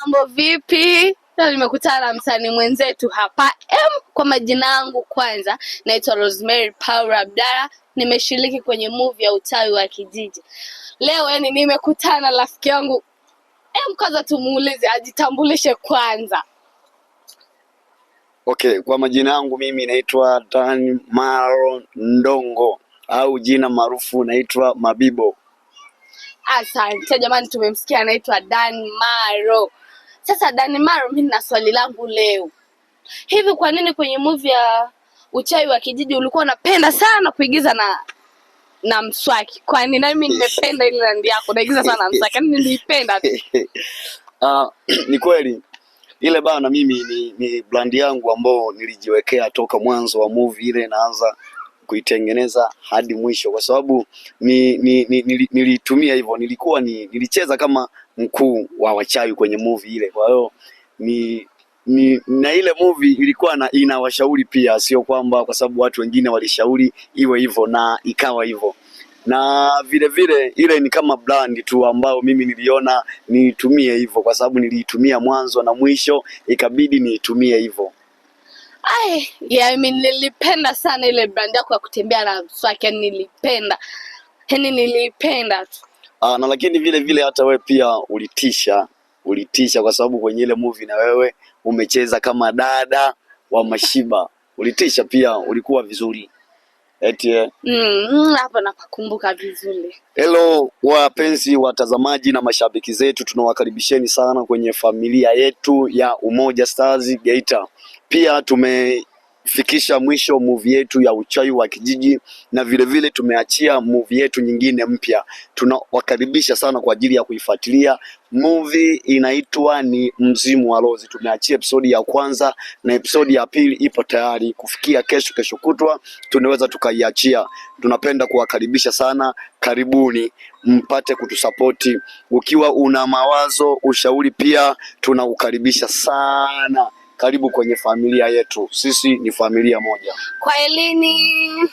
Mambo vipi? nimekutana na msanii mwenzetu hapa em. Kwa majina yangu kwanza, naitwa Rosemary Power Abdalla, nimeshiriki kwenye movie ya Utawi wa Kijiji. Leo yani nimekutana rafiki yangu em, kwanza tumuulize ajitambulishe kwanza. Okay, kwa majina yangu mimi naitwa Dan Maro Ndongo au jina maarufu naitwa Mabibo. Asante jamani, tumemsikia anaitwa Dan Maro sasa Danimaro, mimi nina swali langu leo. Hivi kwa nini kwenye movie ya uchawi wa kijiji ulikuwa unapenda sana kuigiza na na mswaki? Kwani mimi nimependa ile randi yako naigiza sana na mswaki. Yaani nilipenda tu. Uh, ni kweli ile bana, mimi ni, ni brand yangu ambao nilijiwekea toka mwanzo wa movie ile inaanza kuitengeneza hadi mwisho, kwa sababu ni, ni, ni, ni, nilitumia hivyo, nilikuwa ni, nilicheza kama mkuu wa wachawi kwenye movie ile. Kwa hiyo ni, ni na ile movie ilikuwa na, ina washauri pia, sio kwamba kwa sababu watu wengine walishauri iwe hivyo na ikawa hivyo na vile vile ile ni kama brand tu ambayo mimi niliona niitumie hivyo, kwa sababu niliitumia mwanzo na mwisho, ikabidi niitumie hivyo. Ai, yeah, I nilipenda sana ile brand yako ya kutembea na mswaki, yani nilipenda, yani nilipenda tu. Ah, na lakini vile vile hata wewe pia ulitisha, ulitisha kwa sababu kwenye ile movie na wewe umecheza kama dada wa mashiba, ulitisha pia, ulikuwa vizuri. Eti eh. mm, hapa vizuri. Hello wapenzi watazamaji na mashabiki zetu, tunawakaribisheni sana kwenye familia yetu ya Umoja Stars Geita. Pia tume fikisha mwisho movie yetu ya uchawi wa kijiji, na vilevile vile tumeachia movie yetu nyingine mpya. Tunawakaribisha sana kwa ajili ya kuifuatilia movie, inaitwa ni Mzimu wa Rozi. Tumeachia episodi ya kwanza na episodi ya pili ipo tayari kufikia kesho, kesho kutwa tunaweza tukaiachia. Tunapenda kuwakaribisha sana, karibuni mpate kutusapoti. Ukiwa una mawazo, ushauri, pia tunaukaribisha sana. Karibu kwenye familia yetu, sisi ni familia moja. Kwa elini